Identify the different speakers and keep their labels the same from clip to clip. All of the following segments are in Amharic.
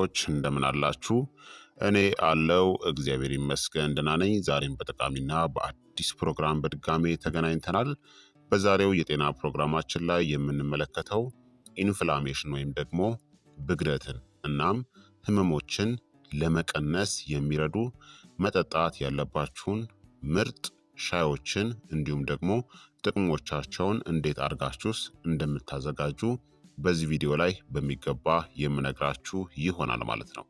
Speaker 1: ዎች እንደምን አላችሁ? እኔ አለው እግዚአብሔር ይመስገን ደህና ነኝ። ዛሬም በጠቃሚና በአዲስ ፕሮግራም በድጋሜ ተገናኝተናል። በዛሬው የጤና ፕሮግራማችን ላይ የምንመለከተው ኢንፍላሜሽን ወይም ደግሞ ብግደትን እናም ህመሞችን ለመቀነስ የሚረዱ መጠጣት ያለባችሁን ምርጥ ሻዮችን እንዲሁም ደግሞ ጥቅሞቻቸውን እንዴት አድርጋችሁስ እንደምታዘጋጁ በዚህ ቪዲዮ ላይ በሚገባ የምነግራችሁ ይሆናል ማለት ነው።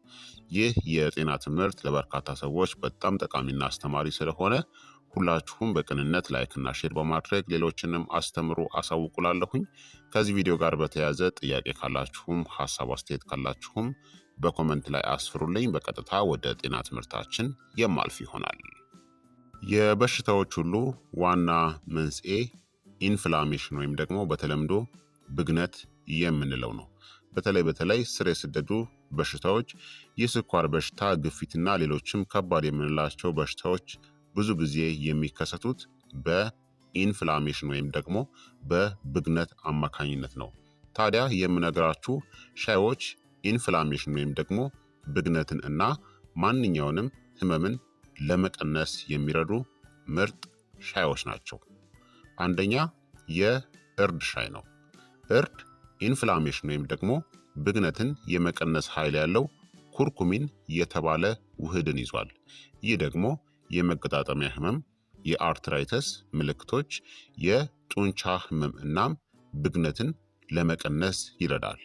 Speaker 1: ይህ የጤና ትምህርት ለበርካታ ሰዎች በጣም ጠቃሚና አስተማሪ ስለሆነ ሁላችሁም በቅንነት ላይክና ሼር በማድረግ ሌሎችንም አስተምሩ አሳውቁላለሁኝ። ከዚህ ቪዲዮ ጋር በተያያዘ ጥያቄ ካላችሁም ሀሳብ አስተያየት ካላችሁም በኮመንት ላይ አስፍሩልኝ። በቀጥታ ወደ ጤና ትምህርታችን የማልፍ ይሆናል። የበሽታዎች ሁሉ ዋና መንስኤ ኢንፍላሜሽን ወይም ደግሞ በተለምዶ ብግነት የምንለው ነው። በተለይ በተለይ ስር የሰደዱ በሽታዎች የስኳር በሽታ፣ ግፊትና ሌሎችም ከባድ የምንላቸው በሽታዎች ብዙ ጊዜ የሚከሰቱት በኢንፍላሜሽን ወይም ደግሞ በብግነት አማካኝነት ነው። ታዲያ የምነግራችሁ ሻዮች ኢንፍላሜሽን ወይም ደግሞ ብግነትን እና ማንኛውንም ህመምን ለመቀነስ የሚረዱ ምርጥ ሻዮች ናቸው። አንደኛ የእርድ ሻይ ነው። እርድ ኢንፍላሜሽን ወይም ደግሞ ብግነትን የመቀነስ ኃይል ያለው ኩርኩሚን የተባለ ውህድን ይዟል። ይህ ደግሞ የመገጣጠሚያ ህመም፣ የአርትራይተስ ምልክቶች፣ የጡንቻ ህመም እናም ብግነትን ለመቀነስ ይረዳል።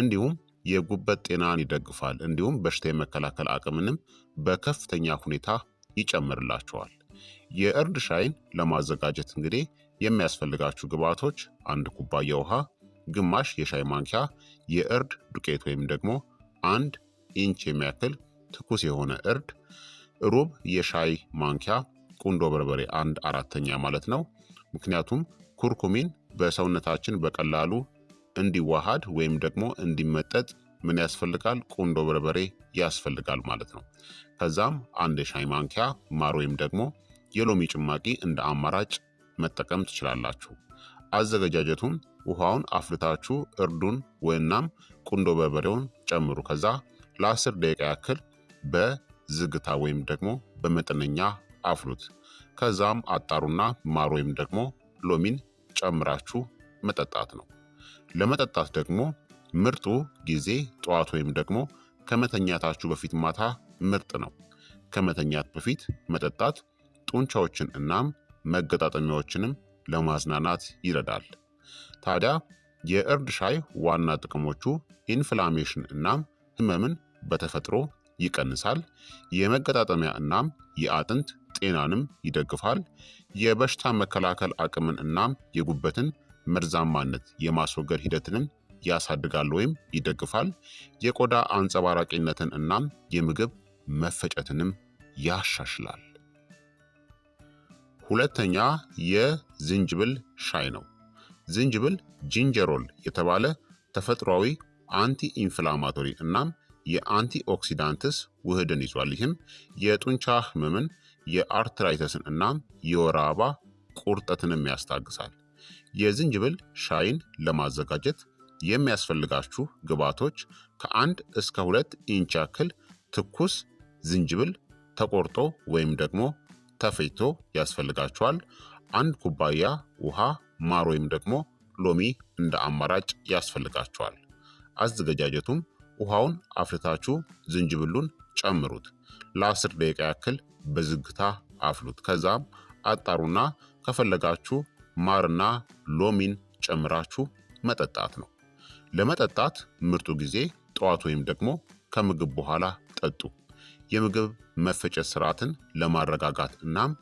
Speaker 1: እንዲሁም የጉበት ጤናን ይደግፋል። እንዲሁም በሽታ የመከላከል አቅምንም በከፍተኛ ሁኔታ ይጨምርላቸዋል። የእርድ ሻይን ለማዘጋጀት እንግዲህ የሚያስፈልጋችሁ ግብዓቶች አንድ ኩባያ ውሃ፣ ግማሽ የሻይ ማንኪያ የእርድ ዱቄት ወይም ደግሞ አንድ ኢንች የሚያክል ትኩስ የሆነ እርድ፣ ሩብ የሻይ ማንኪያ ቁንዶ በርበሬ አንድ አራተኛ ማለት ነው። ምክንያቱም ኩርኩሚን በሰውነታችን በቀላሉ እንዲዋሃድ ወይም ደግሞ እንዲመጠጥ ምን ያስፈልጋል? ቁንዶ በርበሬ ያስፈልጋል ማለት ነው። ከዛም አንድ የሻይ ማንኪያ ማር ወይም ደግሞ የሎሚ ጭማቂ እንደ አማራጭ መጠቀም ትችላላችሁ። አዘገጃጀቱም ውሃውን አፍልታችሁ እርዱን ወይናም ቁንዶ በርበሬውን ጨምሩ። ከዛ ለአስር ደቂቃ ያክል በዝግታ ወይም ደግሞ በመጠነኛ አፍሉት። ከዛም አጣሩና ማር ወይም ደግሞ ሎሚን ጨምራችሁ መጠጣት ነው። ለመጠጣት ደግሞ ምርጡ ጊዜ ጠዋት ወይም ደግሞ ከመተኛታችሁ በፊት ማታ ምርጥ ነው። ከመተኛት በፊት መጠጣት ጡንቻዎችን እናም መገጣጠሚያዎችንም ለማዝናናት ይረዳል። ታዲያ የእርድ ሻይ ዋና ጥቅሞቹ ኢንፍላሜሽን እናም ህመምን በተፈጥሮ ይቀንሳል። የመገጣጠሚያ እናም የአጥንት ጤናንም ይደግፋል። የበሽታ መከላከል አቅምን እናም የጉበትን መርዛማነት የማስወገድ ሂደትንም ያሳድጋል ወይም ይደግፋል። የቆዳ አንጸባራቂነትን እናም የምግብ መፈጨትንም ያሻሽላል። ሁለተኛ የዝንጅብል ሻይ ነው። ዝንጅብል ጂንጀሮል የተባለ ተፈጥሯዊ አንቲ ኢንፍላማቶሪ እናም የአንቲ ኦክሲዳንትስ ውህድን ይዟል። ይህም የጡንቻ ህመምን፣ የአርትራይተስን እናም የወር አበባ ቁርጠትንም ያስታግሳል። የዝንጅብል ሻይን ለማዘጋጀት የሚያስፈልጋችሁ ግብዓቶች ከአንድ እስከ ሁለት ኢንች ያክል ትኩስ ዝንጅብል ተቆርጦ ወይም ደግሞ ተፈይቶ ያስፈልጋችኋል። አንድ ኩባያ ውሃ ማር ወይም ደግሞ ሎሚ እንደ አማራጭ ያስፈልጋቸዋል። አዘገጃጀቱም ውሃውን አፍልታችሁ ዝንጅብሉን ጨምሩት። ለአስር ደቂቃ ያክል በዝግታ አፍሉት። ከዛም አጣሩና ከፈለጋችሁ ማርና ሎሚን ጨምራችሁ መጠጣት ነው። ለመጠጣት ምርጡ ጊዜ ጠዋት ወይም ደግሞ ከምግብ በኋላ ጠጡ። የምግብ መፈጨት ስርዓትን ለማረጋጋት እናም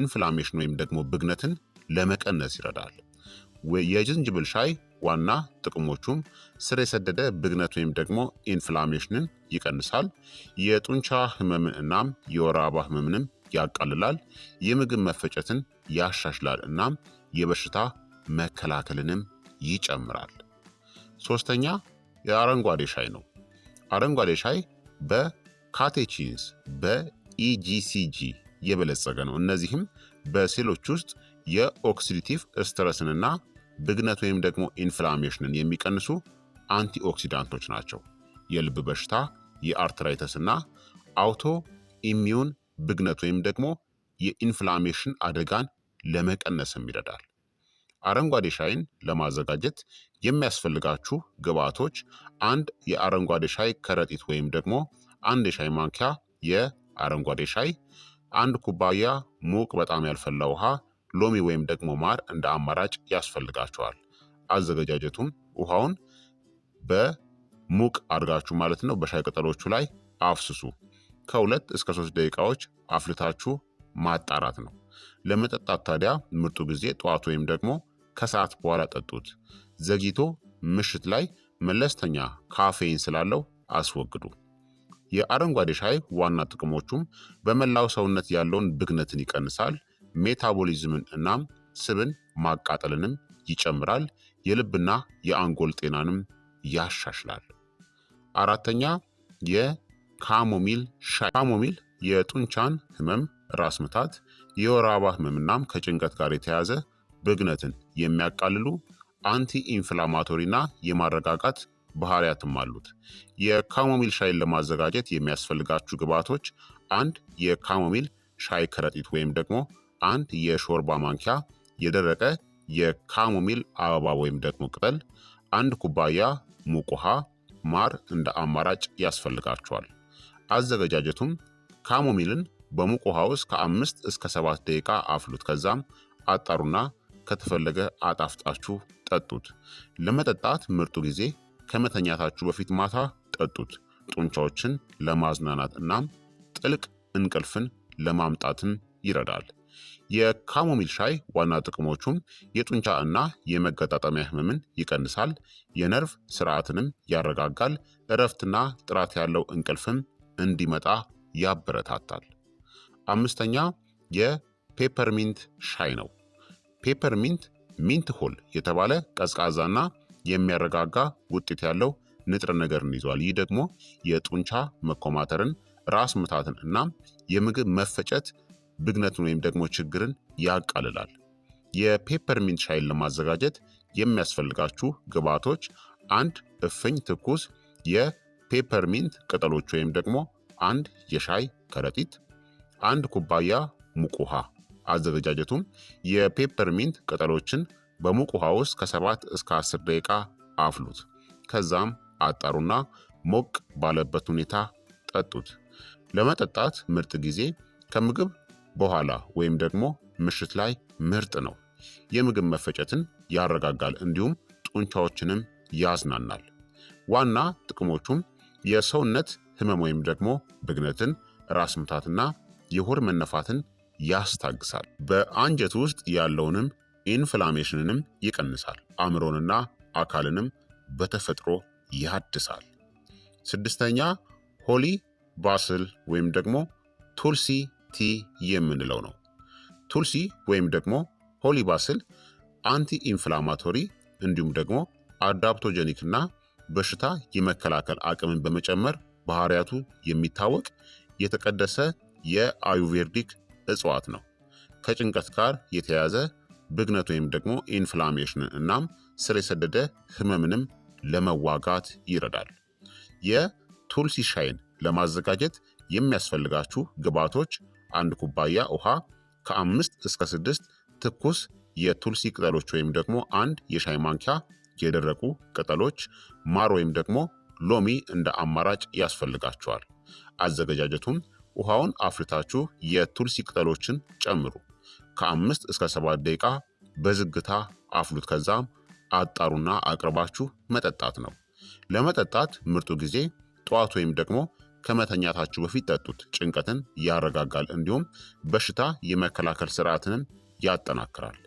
Speaker 1: ኢንፍላሜሽን ወይም ደግሞ ብግነትን ለመቀነስ ይረዳል። የዝንጅብል ሻይ ዋና ጥቅሞቹም ስር የሰደደ ብግነት ወይም ደግሞ ኢንፍላሜሽንን ይቀንሳል። የጡንቻ ህመምን እናም የወር አበባ ህመምንም ያቃልላል። የምግብ መፈጨትን ያሻሽላል እናም የበሽታ መከላከልንም ይጨምራል። ሶስተኛ የአረንጓዴ ሻይ ነው። አረንጓዴ ሻይ በካቴቺንስ በኢጂሲጂ የበለጸገ ነው። እነዚህም በሴሎች ውስጥ የኦክሲዲቲቭ ስትረስንና ብግነት ወይም ደግሞ ኢንፍላሜሽንን የሚቀንሱ አንቲኦክሲዳንቶች ናቸው። የልብ በሽታ፣ የአርትራይተስ እና አውቶ ኢሚዩን ብግነት ወይም ደግሞ የኢንፍላሜሽን አደጋን ለመቀነስም ይረዳል። አረንጓዴ ሻይን ለማዘጋጀት የሚያስፈልጋችሁ ግብአቶች አንድ የአረንጓዴ ሻይ ከረጢት ወይም ደግሞ አንድ የሻይ ማንኪያ የአረንጓዴ ሻይ፣ አንድ ኩባያ ሙቅ በጣም ያልፈላ ውሃ፣ ሎሚ ወይም ደግሞ ማር እንደ አማራጭ ያስፈልጋቸዋል። አዘገጃጀቱም ውሃውን በሙቅ አድርጋችሁ ማለት ነው በሻይ ቅጠሎቹ ላይ አፍስሱ። ከሁለት እስከ ሶስት ደቂቃዎች አፍልታችሁ ማጣራት ነው። ለመጠጣት ታዲያ ምርጡ ጊዜ ጠዋት ወይም ደግሞ ከሰዓት በኋላ ጠጡት። ዘግይቶ ምሽት ላይ መለስተኛ ካፌን ስላለው አስወግዱ። የአረንጓዴ ሻይ ዋና ጥቅሞቹም በመላው ሰውነት ያለውን ብግነትን ይቀንሳል፣ ሜታቦሊዝምን እናም ስብን ማቃጠልንም ይጨምራል። የልብና የአንጎል ጤናንም ያሻሽላል። አራተኛ የካሞሚል ሻይ። ካሞሚል የጡንቻን ህመም፣ ራስ ምታት፣ የወር አበባ ህመም እናም ከጭንቀት ጋር የተያያዘ ብግነትን የሚያቃልሉ አንቲ እና የማረጋጋት ባህሪያትም አሉት። የካሞሚል ሻይን ለማዘጋጀት የሚያስፈልጋችሁ ግብዓቶች አንድ የካሞሚል ሻይ ከረጢት ወይም ደግሞ አንድ የሾርባ ማንኪያ የደረቀ የካሞሚል አበባ ወይም ደግሞ ቅጠል፣ አንድ ኩባያ ሙቅ ውሃ፣ ማር እንደ አማራጭ ያስፈልጋቸዋል። አዘገጃጀቱም ካሞሚልን በሙቅ ውሃ ውስጥ ከአምስት እስከ ሰባት ደቂቃ አፍሉት። ከዛም አጣሩና ከተፈለገ አጣፍጣችሁ ጠጡት። ለመጠጣት ምርጡ ጊዜ ከመተኛታችሁ በፊት ማታ ጠጡት። ጡንቻዎችን ለማዝናናት እናም ጥልቅ እንቅልፍን ለማምጣትም ይረዳል። የካሞሚል ሻይ ዋና ጥቅሞቹም የጡንቻ እና የመገጣጠሚያ ህመምን ይቀንሳል፣ የነርቭ ስርዓትንም ያረጋጋል፣ እረፍትና ጥራት ያለው እንቅልፍም እንዲመጣ ያበረታታል። አምስተኛ የፔፐርሚንት ሻይ ነው። ፔፐርሚንት ሚንት ሆል የተባለ ቀዝቃዛና የሚያረጋጋ ውጤት ያለው ንጥረ ነገርን ይዟል። ይህ ደግሞ የጡንቻ መኮማተርን፣ ራስ ምታትን እና የምግብ መፈጨት ብግነትን ወይም ደግሞ ችግርን ያቃልላል። የፔፐርሚንት ሻይን ለማዘጋጀት የሚያስፈልጋችሁ ግብዓቶች አንድ እፍኝ ትኩስ የፔፐርሚንት ቅጠሎች ወይም ደግሞ አንድ የሻይ ከረጢት፣ አንድ ኩባያ ሙቅ ውሃ። አዘገጃጀቱም የፔፐርሚንት ቅጠሎችን በሙቅ ውሃ ውስጥ ከሰባት እስከ አስር ደቂቃ አፍሉት። ከዛም አጣሩና ሞቅ ባለበት ሁኔታ ጠጡት። ለመጠጣት ምርጥ ጊዜ ከምግብ በኋላ ወይም ደግሞ ምሽት ላይ ምርጥ ነው። የምግብ መፈጨትን ያረጋጋል፣ እንዲሁም ጡንቻዎችንም ያዝናናል። ዋና ጥቅሞቹም የሰውነት ህመም ወይም ደግሞ ብግነትን፣ ራስ ምታትና የሆድ መነፋትን ያስታግሳል። በአንጀት ውስጥ ያለውንም ኢንፍላሜሽንንም ይቀንሳል። አእምሮንና አካልንም በተፈጥሮ ያድሳል። ስድስተኛ ሆሊ ባስል ወይም ደግሞ ቱልሲ ቲ የምንለው ነው። ቱልሲ ወይም ደግሞ ሆሊባስል አንቲ ኢንፍላማቶሪ እንዲሁም ደግሞ አዳፕቶጀኒክ እና በሽታ የመከላከል አቅምን በመጨመር ባህሪያቱ የሚታወቅ የተቀደሰ የአዩቬርዲክ እጽዋት ነው። ከጭንቀት ጋር የተያያዘ ብግነት ወይም ደግሞ ኢንፍላሜሽን እናም ስር የሰደደ ህመምንም ለመዋጋት ይረዳል። የቱልሲ ሻይን ለማዘጋጀት የሚያስፈልጋችሁ ግብዓቶች አንድ ኩባያ ውሃ ከአምስት እስከ ስድስት ትኩስ የቱልሲ ቅጠሎች ወይም ደግሞ አንድ የሻይ ማንኪያ የደረቁ ቅጠሎች፣ ማር ወይም ደግሞ ሎሚ እንደ አማራጭ ያስፈልጋቸዋል። አዘገጃጀቱም ውሃውን አፍልታችሁ የቱልሲ ቅጠሎችን ጨምሩ። ከአምስት እስከ ሰባት ደቂቃ በዝግታ አፍሉት። ከዛም አጣሩና አቅርባችሁ መጠጣት ነው። ለመጠጣት ምርጡ ጊዜ ጠዋት ወይም ደግሞ ከመተኛታችሁ በፊት ጠጡት። ጭንቀትን ያረጋጋል፣ እንዲሁም በሽታ የመከላከል ስርዓትንም ያጠናክራል።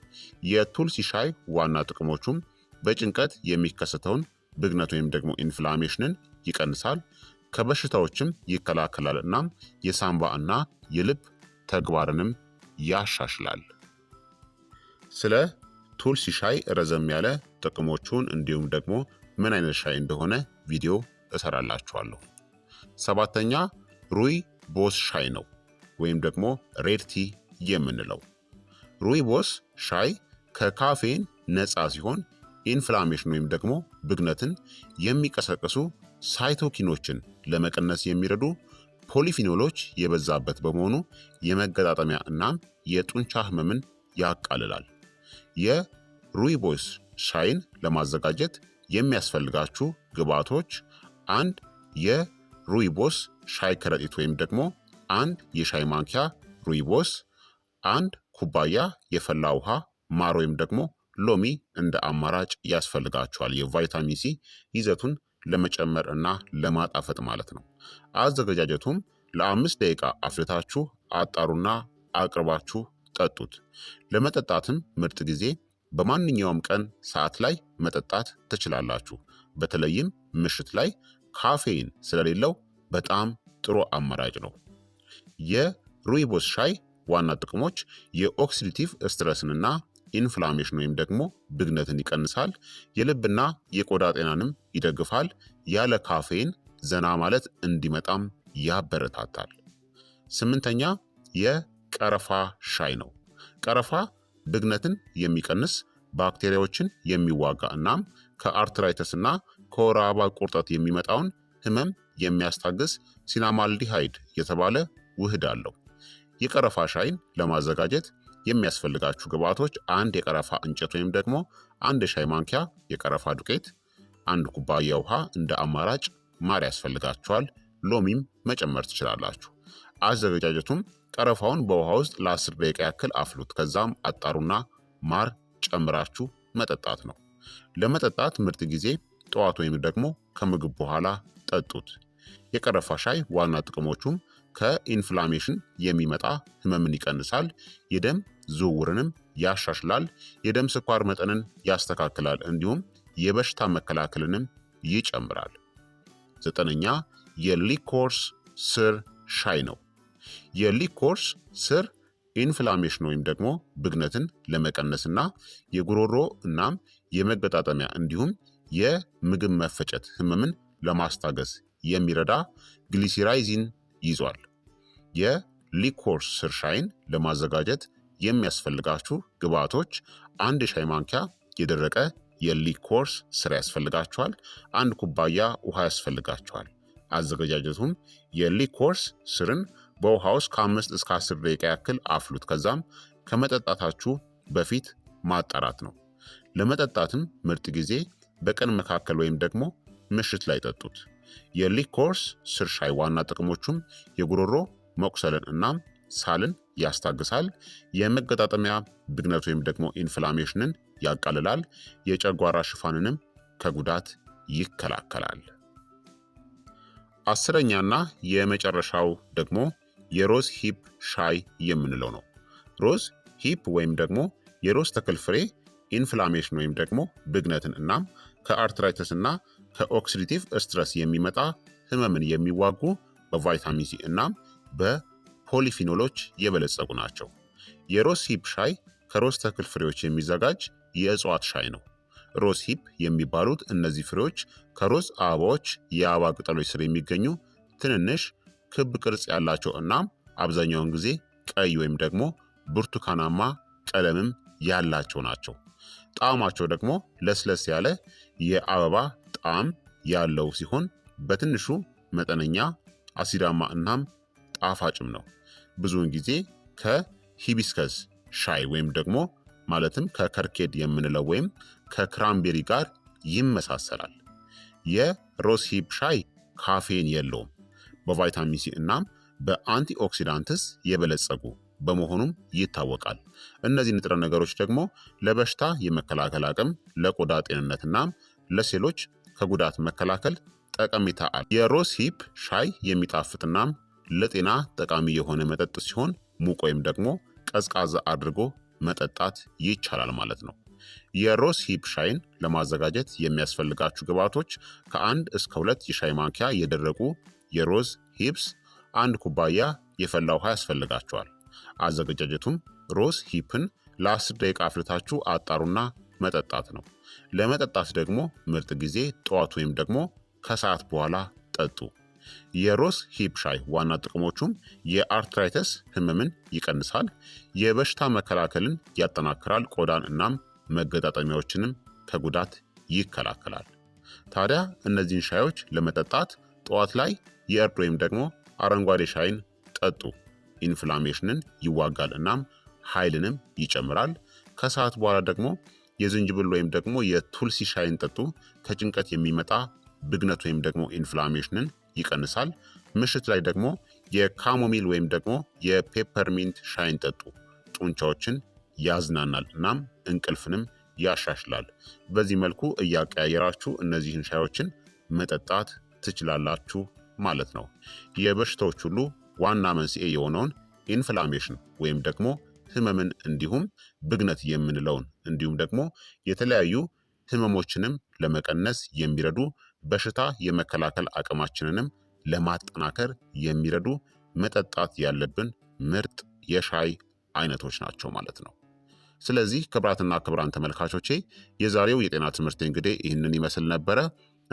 Speaker 1: የቱልሲ ሻይ ዋና ጥቅሞቹም በጭንቀት የሚከሰተውን ብግነት ወይም ደግሞ ኢንፍላሜሽንን ይቀንሳል፣ ከበሽታዎችም ይከላከላል፣ እናም የሳምባ እና የልብ ተግባርንም ያሻሽላል። ስለ ቱልሲ ሻይ ረዘም ያለ ጥቅሞቹን እንዲሁም ደግሞ ምን አይነት ሻይ እንደሆነ ቪዲዮ እሰራላችኋለሁ። ሰባተኛ ሩይ ቦስ ሻይ ነው ወይም ደግሞ ሬድ ቲ የምንለው። ቦስ ሻይ ከካፌን ነፃ ሲሆን ኢንፍላሜሽን ወይም ደግሞ ብግነትን የሚቀሰቅሱ ሳይቶኪኖችን ለመቀነስ የሚረዱ ፖሊፊኖሎች የበዛበት በመሆኑ የመገጣጠሚያ እናም የጡንቻ ህመምን ያቃልላል። የሩይቦስ ሻይን ለማዘጋጀት የሚያስፈልጋችሁ ግብዓቶች አንድ የ ሩይቦስ ሻይ ከረጢት ወይም ደግሞ አንድ የሻይ ማንኪያ ሩይቦስ፣ አንድ ኩባያ የፈላ ውሃ፣ ማር ወይም ደግሞ ሎሚ እንደ አማራጭ ያስፈልጋቸዋል። የቫይታሚን ሲ ይዘቱን ለመጨመር እና ለማጣፈጥ ማለት ነው። አዘገጃጀቱም ለአምስት ደቂቃ አፍልታችሁ አጣሩና አቅርባችሁ ጠጡት። ለመጠጣትም ምርጥ ጊዜ በማንኛውም ቀን ሰዓት ላይ መጠጣት ትችላላችሁ። በተለይም ምሽት ላይ ካፌን ስለሌለው በጣም ጥሩ አማራጭ ነው። የሩይቦስ ሻይ ዋና ጥቅሞች የኦክሲዲቲቭ ስትረስንና ኢንፍላሜሽን ወይም ደግሞ ብግነትን ይቀንሳል። የልብና የቆዳ ጤናንም ይደግፋል። ያለ ካፌን ዘና ማለት እንዲመጣም ያበረታታል። ስምንተኛ የቀረፋ ሻይ ነው። ቀረፋ ብግነትን የሚቀንስ ባክቴሪያዎችን የሚዋጋ እናም ከአርትራይተስና ከወር አበባ ቁርጠት የሚመጣውን ህመም የሚያስታግስ ሲናማልዲሃይድ የተባለ ውህድ አለው። የቀረፋ ሻይን ለማዘጋጀት የሚያስፈልጋችሁ ግብአቶች አንድ የቀረፋ እንጨት ወይም ደግሞ አንድ የሻይ ማንኪያ የቀረፋ ዱቄት፣ አንድ ኩባያ ውሃ እንደ አማራጭ ማር ያስፈልጋችኋል። ሎሚም መጨመር ትችላላችሁ። አዘገጃጀቱም ቀረፋውን በውሃ ውስጥ ለ10 ደቂቃ ያክል አፍሉት። ከዛም አጣሩና ማር ጨምራችሁ መጠጣት ነው። ለመጠጣት ምርጥ ጊዜ ጠዋት ወይም ደግሞ ከምግብ በኋላ ጠጡት። የቀረፋ ሻይ ዋና ጥቅሞቹም ከኢንፍላሜሽን የሚመጣ ህመምን ይቀንሳል፣ የደም ዝውውርንም ያሻሽላል፣ የደም ስኳር መጠንን ያስተካክላል፣ እንዲሁም የበሽታ መከላከልንም ይጨምራል። ዘጠነኛ የሊኮርስ ስር ሻይ ነው። የሊኮርስ ስር ኢንፍላሜሽን ወይም ደግሞ ብግነትን ለመቀነስና የጉሮሮ እናም የመገጣጠሚያ እንዲሁም የምግብ መፈጨት ህመምን ለማስታገስ የሚረዳ ግሊሲራይዚን ይዟል። የሊኮርስ ስር ሻይን ለማዘጋጀት የሚያስፈልጋችሁ ግብዓቶች አንድ ሻይ ማንኪያ የደረቀ የሊኮርስ ስር ያስፈልጋችኋል። አንድ ኩባያ ውሃ ያስፈልጋችኋል። አዘገጃጀቱም የሊኮርስ ስርን በውሃ ውስጥ ከአምስት እስከ አስር ደቂቃ ያክል አፍሉት። ከዛም ከመጠጣታችሁ በፊት ማጣራት ነው። ለመጠጣትም ምርጥ ጊዜ በቀን መካከል ወይም ደግሞ ምሽት ላይ ጠጡት። የሊኮርስ ስር ሻይ ዋና ጥቅሞቹም የጉሮሮ መቁሰልን እናም ሳልን ያስታግሳል። የመገጣጠሚያ ብግነት ወይም ደግሞ ኢንፍላሜሽንን ያቃልላል። የጨጓራ ሽፋንንም ከጉዳት ይከላከላል። አስረኛና የመጨረሻው ደግሞ የሮዝ ሂፕ ሻይ የምንለው ነው። ሮዝ ሂፕ ወይም ደግሞ የሮዝ ተክል ፍሬ ኢንፍላሜሽን ወይም ደግሞ ብግነትን እናም ከአርትራይተስ እና ከኦክሲዲቲቭ ስትረስ የሚመጣ ህመምን የሚዋጉ በቫይታሚን ሲ እናም በፖሊፊኖሎች የበለጸጉ ናቸው። የሮዝ ሂፕ ሻይ ከሮዝ ተክል ፍሬዎች የሚዘጋጅ የእጽዋት ሻይ ነው። ሮዝ ሂፕ የሚባሉት እነዚህ ፍሬዎች ከሮዝ አበባዎች የአበባ ቅጠሎች ስር የሚገኙ ትንንሽ ክብ ቅርጽ ያላቸው እናም አብዛኛውን ጊዜ ቀይ ወይም ደግሞ ብርቱካናማ ቀለምም ያላቸው ናቸው። ጣዕማቸው ደግሞ ለስለስ ያለ የአበባ ጣዕም ያለው ሲሆን በትንሹ መጠነኛ አሲዳማ እናም ጣፋጭም ነው። ብዙውን ጊዜ ከሂቢስከስ ሻይ ወይም ደግሞ ማለትም ከከርኬድ የምንለው ወይም ከክራምቤሪ ጋር ይመሳሰላል። የሮዝ ሂፕ ሻይ ካፌን የለውም። በቫይታሚን ሲ እናም በአንቲ ኦክሲዳንትስ የበለጸጉ በመሆኑም ይታወቃል። እነዚህ ንጥረ ነገሮች ደግሞ ለበሽታ የመከላከል አቅም፣ ለቆዳ ጤንነትና ለሴሎች ከጉዳት መከላከል ጠቀሜታ አለ። የሮዝ ሂፕ ሻይ የሚጣፍጥናም ለጤና ጠቃሚ የሆነ መጠጥ ሲሆን ሙቅ ወይም ደግሞ ቀዝቃዛ አድርጎ መጠጣት ይቻላል ማለት ነው። የሮዝ ሂፕ ሻይን ለማዘጋጀት የሚያስፈልጋችሁ ግብዓቶች ከአንድ እስከ ሁለት የሻይ ማንኪያ የደረቁ የሮዝ ሂፕስ፣ አንድ ኩባያ የፈላ ውሃ ያስፈልጋቸዋል። አዘገጃጀቱም ሮዝ ሂፕን ለአስር ደቂቃ አፍልታችሁ አጣሩና መጠጣት ነው። ለመጠጣት ደግሞ ምርጥ ጊዜ ጠዋት ወይም ደግሞ ከሰዓት በኋላ ጠጡ። የሮዝ ሂፕ ሻይ ዋና ጥቅሞቹም የአርትራይተስ ህመምን ይቀንሳል፣ የበሽታ መከላከልን ያጠናክራል፣ ቆዳን እናም መገጣጠሚያዎችንም ከጉዳት ይከላከላል። ታዲያ እነዚህን ሻዮች ለመጠጣት ጠዋት ላይ የእርድ ወይም ደግሞ አረንጓዴ ሻይን ጠጡ። ኢንፍላሜሽንን ይዋጋል እናም ኃይልንም ይጨምራል። ከሰዓት በኋላ ደግሞ የዝንጅብል ወይም ደግሞ የቱልሲ ሻይን ጠጡ። ከጭንቀት የሚመጣ ብግነት ወይም ደግሞ ኢንፍላሜሽንን ይቀንሳል። ምሽት ላይ ደግሞ የካሞሚል ወይም ደግሞ የፔፐርሚንት ሻይን ጠጡ። ጡንቻዎችን ያዝናናል እናም እንቅልፍንም ያሻሽላል። በዚህ መልኩ እያቀያየራችሁ እነዚህን ሻዮችን መጠጣት ትችላላችሁ ማለት ነው። የበሽታዎች ሁሉ ዋና መንስኤ የሆነውን ኢንፍላሜሽን ወይም ደግሞ ህመምን እንዲሁም ብግነት የምንለውን እንዲሁም ደግሞ የተለያዩ ህመሞችንም ለመቀነስ የሚረዱ በሽታ የመከላከል አቅማችንንም ለማጠናከር የሚረዱ መጠጣት ያለብን ምርጥ የሻይ አይነቶች ናቸው ማለት ነው። ስለዚህ ክብራትና ክብራን ተመልካቾቼ የዛሬው የጤና ትምህርት እንግዲህ ይህንን ይመስል ነበረ።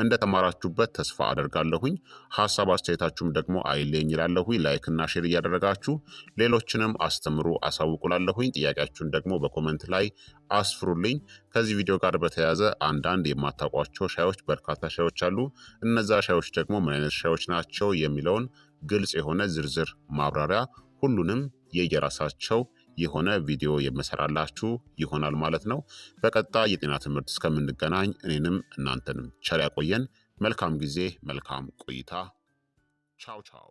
Speaker 1: እንደተማራችሁበት ተስፋ አደርጋለሁኝ። ሀሳብ አስተያየታችሁም ደግሞ አይለኝ ይላለሁኝ። ላይክና ሼር እያደረጋችሁ ሌሎችንም አስተምሩ አሳውቁላለሁኝ። ጥያቄያችሁን ደግሞ በኮመንት ላይ አስፍሩልኝ። ከዚህ ቪዲዮ ጋር በተያያዘ አንዳንድ የማታውቋቸው ሻዮች፣ በርካታ ሻዮች አሉ። እነዛ ሻዮች ደግሞ ምን አይነት ሻዮች ናቸው የሚለውን ግልጽ የሆነ ዝርዝር ማብራሪያ ሁሉንም የየራሳቸው የሆነ ቪዲዮ የምሰራላችሁ ይሆናል ማለት ነው። በቀጥታ የጤና ትምህርት እስከምንገናኝ እኔንም እናንተንም ቸር ያቆየን። መልካም ጊዜ፣ መልካም ቆይታ። ቻው ቻው።